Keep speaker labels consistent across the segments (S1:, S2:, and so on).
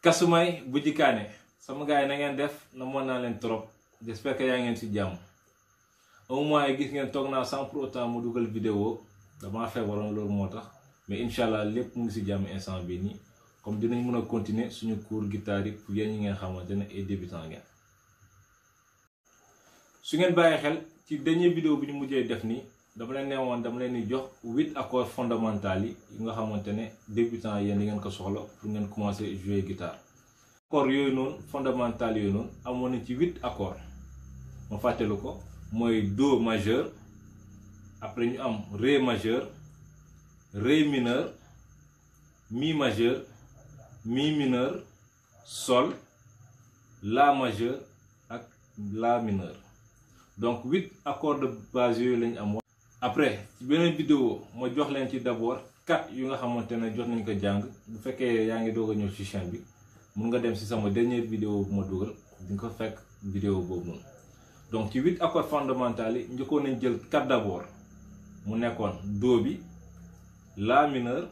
S1: kasumay bu jikaane sama gaa yi nangeen def na mën naa leen trop j'espère que yaa ngeen ci jàmm au moins gis ngeen toog naa sans pour autant mu dugal vidéo damaa feebaroon loolu moo tax mais incha allah lépp mu ngi ci jàmm instant bi nii comme dinañ mën a continuer suñu cours guitare yi pour yéen ngeen xamante ne ay débutant ngeen. su ngeen bàyyi xel ci dernier vidéo bi ñu mujjee def nii. dama leen ne woon dama leen di jox huit accords fondamentaux yi yi nga xamante ne débutant yéen di ngeen ko soxla pour ngeen commencer jouer guitare. accords yooyu noonu fondamentaux yooyu noonu amoon nañ ci huit accords ma fàttelu ko mooy do majeur après ñu am ré majeur ré mineur mi majeur mi mineur sol la majeur ak la mineur donc huit accords base yooyu lañu am après ci beneen vidéo ma jox leen ci d'abord quatre yu nga xamante ne jot nañ ko jàng bu fekkee yaa ngi doog a ñëw ci chaîne bi mun nga dem si sama dernière vidéo bu ma dugal di nga ko fekk vidéo boobu noonu donc ci huit accords fondamentaux njëkkoon nañ jël quatre d'abord mu nekkoon do bi la mineur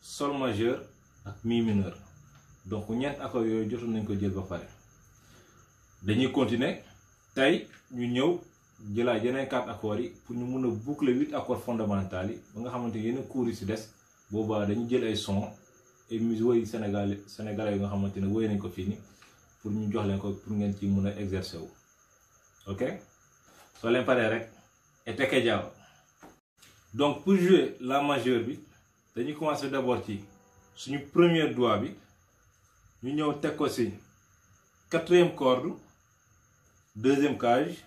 S1: sol majeur ak mi mineur donc ñeent accords yooyu jotoon nañ ko jël ba pare dañuy continuer tey ñu ñëw jëlaat yeneen quatre accords yi pour ñu mun a boucler huit accords fondamentaux yi ba nga xamante ni yeneen cours yi si des booba dañu jël ay son et musique woy Sénégal sénégalais yi nga xamante ne woy nañ ko fii nii pour ñu jox leen ko pour ngeen ci mun a exercer wu ok soo leen paree rek et tekkee donc pour jouer la majeure bi dañuy commencer d'abord ci suñu première doigt bi ñu ñëw teg ko si quatrième corde deuxième cage.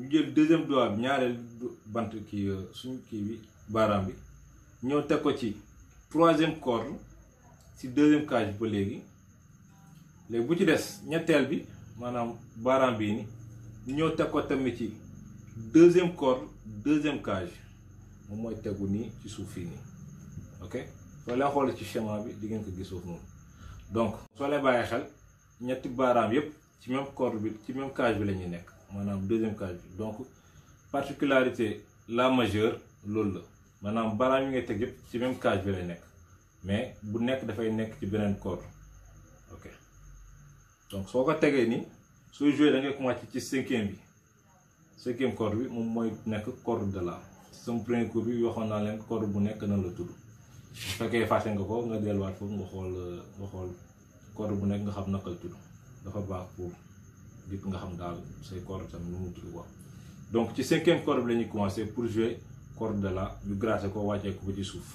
S1: ñu jël deuxième doigt bi ñaareel bant kii euh, suñu kii bi baaraam bi ñëw teg ko ci troisième corde si deuxième cage ba léegi léegi bu ci des ñetteel bi maanaam baaraam bii ni ñu ñëw teg ko tamit ci deuxième corde deuxième cage moom mooy tegu nii ci suuf fii nii ok soo leen xoolee ci schéma bi di ngeen ko gis foofu noonu donc soo leen bàyyi xel ñetti baaraam yépp ci même corde bi ci même cage bi lañuy nekk maanaam deuxième cas bi donc particularité la majeure loolu la maanaam balaa mi ngay teg yëpp ci même bi lay nekk mais bu nekk dafay nekk ci beneen corde ok soo ko tegee nii soo joué da ngay commencé ci cinquième bi cinquième corde bi moom mooy nekk corde de la sama premier cours bi waxoon naa leen corde bu nekk na la tudd bu fekkee fàtte nga ko nga delluwaat foofu nga xool nga xool corde bu nekk nga xam naka la tudd dafa baax pour. lépp nga xam daal say cordes tam nu mu kii quoi donc ci cinquième corde bi la ñuy commencé pour jouer corde de la ñu gratter ko wàccee ko ba ci suuf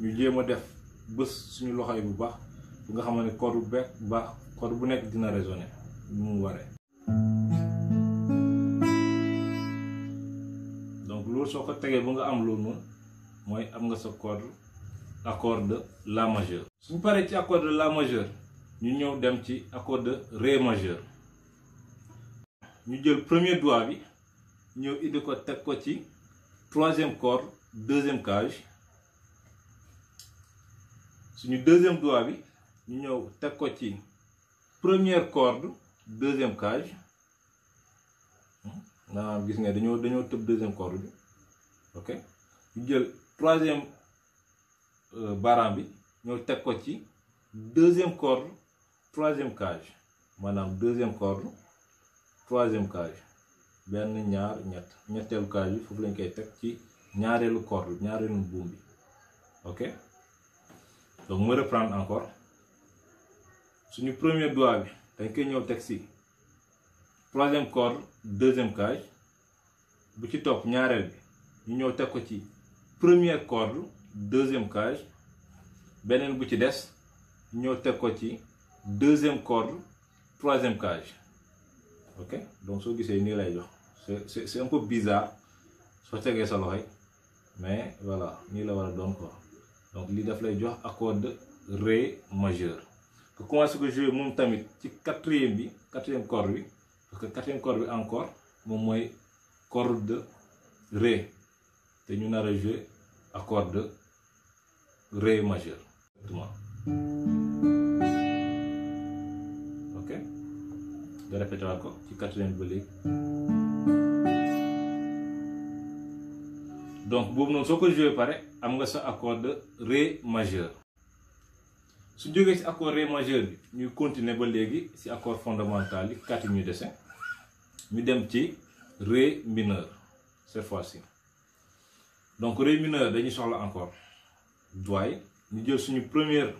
S1: ñu jéem a def bés suñu loxo yi bu baax bu nga xam ne corde bu baax corde bu nekk dina résonner nu mu waree. donc loolu soo ko tegee ba nga am loolu mooy am nga sa corde accord de la majeur. su paree ci accord de la majeur ñu ñëw dem ci accord de ré majeur. ñu jël premier doigt bi ñëw indi ko teg ko ci troisième corde deuxième cage suñu deuxième doigt bi ñu ñëw teg ko ci première corde deuxième cage maanaam ah, gis nga dañoo dañoo tëb deuxième corde bi ok ñu jël troisième euh, baaraam bi ñëw teg ko ci deuxième corde troisième cage maanaam deuxième corde troisième case benn ñaar ñett ñetteelu case bi foofu lañ koy teg ci ñaareelu corde ñaareelu buum bi ok donc ma reprendre encore suñu premier doigt bi dañ koy ñëw teg si troisième corde deuxième case bu ci topp ñaareel bi ñu ñëw teg ko ci premier corde deuxième case beneen bu ci des ñëw teg ko ci deuxième corde troisième cage ok donc soo gisee nii lay jox c'est c'est un peu bizarre soo tegee sa loxo mais voilà nii la war a doon quoi donc lii daf lay jox accord de ré majeur nga commencé ko jouer moom tamit ci quatrième bi quatrième corde bi parce que quatrième bi encore moom mooy corde de ré te ñu nar a jouer accord de ré majeur exactement ok nga répétewaat ko ci quatrième ba léegi donc boobu noonu soo ko joué pare am nga sa accord de ré majeur su jógee ci accord ré majeur bi ñuy continuer ba léegi ci accord fondamental yi quatre yi ñu dese ñu dem ci ré mineur cette fois si donc ré mineur dañuy soxla encore doy ñu jël suñu première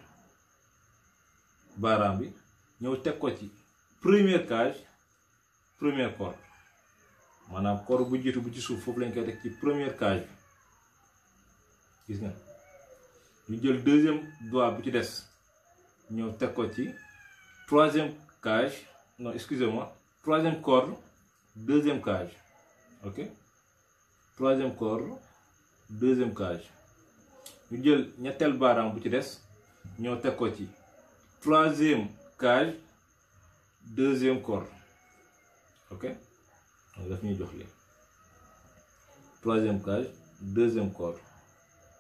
S1: baaraam bi ñëw teg ko ci premier cage première corde maanaam corde bu jiitu bu ci suuf foofu lañ koy teg ci première case bi gis nga ñu jël deuxième doigt bu ci des ñëw teg ko ci troisième cage non excusez-moi troisième corde deuxième cage ok troisième corde deuxième cage ñu jël ñetteel baaraam bu ci des ñëw teg ko ci troisième cage deuxième corde ok donc daf ñuy jox li troisième case deuxième corde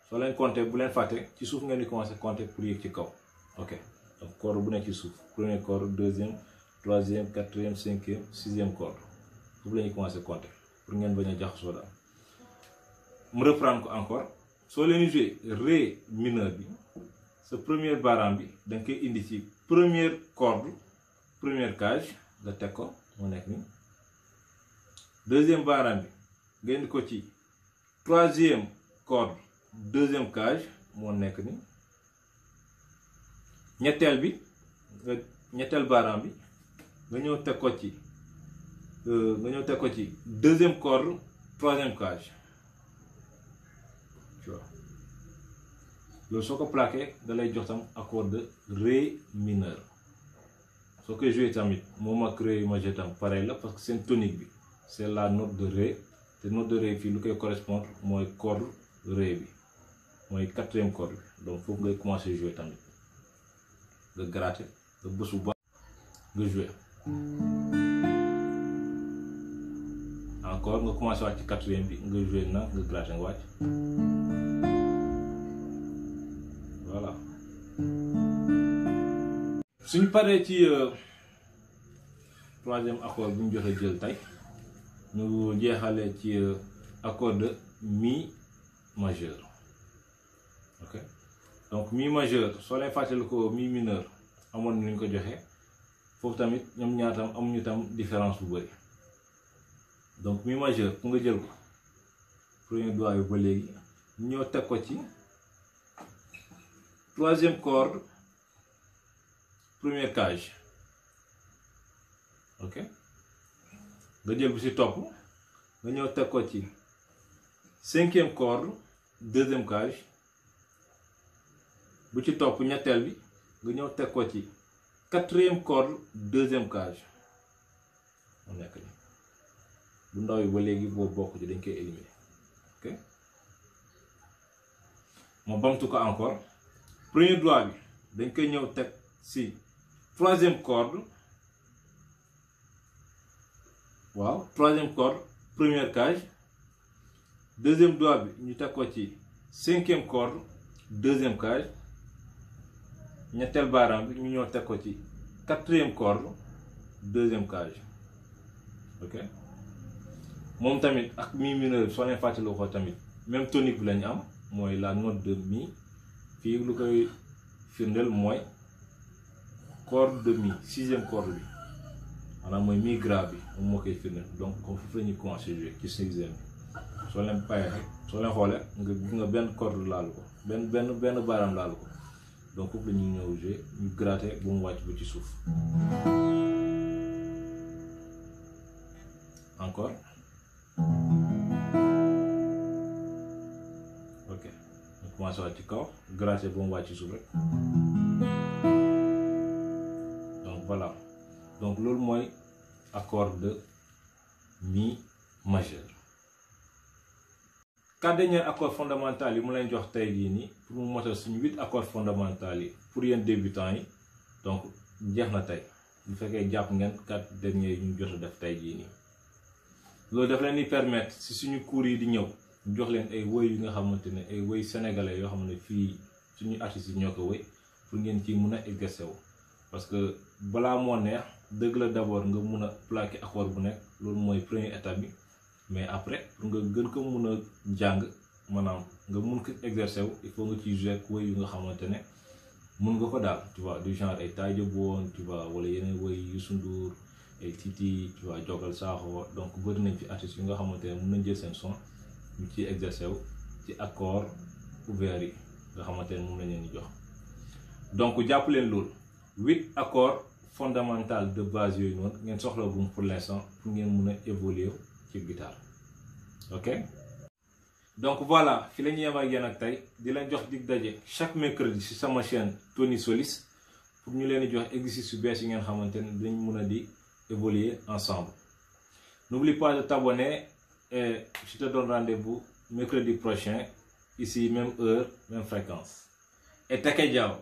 S1: soo leen compter bu leen fàtte ci suuf ngeen di commencer compter pour yéeg ci kaw ok donc corde bu nekk ci suuf premier corde deuxième troisième quatrième cinquième sixième corde foofu la ñuy commencer compter pour ngeen bañ a jaxasoo daal mu reprendre encore soo leen joué ré mineur bi sa première baaraam bi da nga koy indi ci première corde première cage nga teg ko mu nekk nii deuxième baaraam bi génn ko ci troisième corde deuxième cage moo nekk ni ñetteel bi ñetteel baaraam bi nga ñëw teg ko ci euh, nga ñëw teg ko ci deuxième corde troisième cage loolu soo ko plaqué da jox tam accord de ré mineur soo koy joué tamit moom ak ré ma joué tam la parce que seen tonique bi c' est la note de ré te note de ré fii lu koy correspondre mooy corde ré bi mooy quatrième corde bi donc foofu ngay commencé joué tamit nga gratter nga bës bu baax nga joué encore nga commencé wàcc ci bi nga joué na nga gratter nga wàcc. suñ paree ci euh, troisième accord bu ñu joxe jël tey ñu jeexalee ci euh, accord de mi majeur ok donc mi majeur soo leen fàttali ko mi mineur amoon na ñu ko joxe foofu tamit ñoom ñaatam tam amuñu tam différence bu bëri donc mi majeur ku nga jël ko premier doigt bi ba léegi ñoo teg ko ci troisième corde première cage ok nga jël bu ci topp nga ñëw teg ko ci cinquième corde deuxième cage bu ci topp ñetteel bi nga ñëw teg ko ci quatrième corde deuxième cage mu nekk ni bu ndaw yi ba léegi boo bokk ci dañ koy éliminer ok ma bamtu ko encore premier doigt bi dañ koy ñëw teg si troisième corde waaw troisième corde premier cage deuxième doigt bi ñu teg ko ci cinquième corde deuxième cage ñetteel baaraam bi ñu ñoo teg ko ci quatrième corde deuxième cage ok moom tamit ak mi mineur soo leen fàttaloo ko tamit même tonique bi la am mooy la note de mi fii lu koy firndeel mooy. corde de mi sixième corde bi maanaam mooy mi grave bi moom moo koy firndeel donc comme foofu la ñuy commencé ci sixième bi soo leen payee rek soo leen xoolee nga gis benn corde laalu ko benn benn benn baaraam laalu ko donc foofu la ñëw jouer ñu gratter bu mu wàcc ba ci suuf encore ok ñu commencé wàcc ci kaw gratter bu mu wàcc suuf rek. loolu mooy accord de mi majeur quatre derniers yi mu leen jox tey jii nii pour mu motal suñu huit accords fondamentaux yi pour yéen débutants yi donc jeex na tey bu fekkee jàpp ngeen quatre derniers yi ñu jox a def tey jii nii loolu daf leen di permettre si suñu cours yi di ñëw jox leen ay woy yu nga xamante ne ay woy sénégalais yoo xam ne fii suñu artistes yi ñoo ko woy pour ngeen ci mun a exercer wu parce que balaa moo neex dëgg la d'abord nga mun a plaqué accord bu nekk loolu mooy première état bi mais après pour nga gën ko mun a jàng maanaam nga mun ko exercer wu il faut nga ciy jouer woy yu nga xamante ne mun nga ko daal tu vois du genre ay Taïja Boone tu vois wala yeneen woy Youssou Ndour ay Titi tu vois donc bëri nañ fi artistes yu nga xamante ne mun nañ jël seen son ñu ciy exercer wu ci accord ouvert yi nga xamante ne moom la ñu jox donc jàpp loolu. huit accords fondamentaux de base yooyu noonu ngeen soxla bu pour l'instant pour ngeen mën a évoluer ci guitare ok donc voilà fi la ñuy yem ak tey di leen jox dig daje chaque mercredi si sama chaine Tony Solis pour ñu leen jox exercice su bees yi ngeen xamante ne dañ mën a di évoluer ensemble n'oublie pas de t'abonner et je te donne rendez-vous mercredi prochain ici même heure même fréquence et take jaw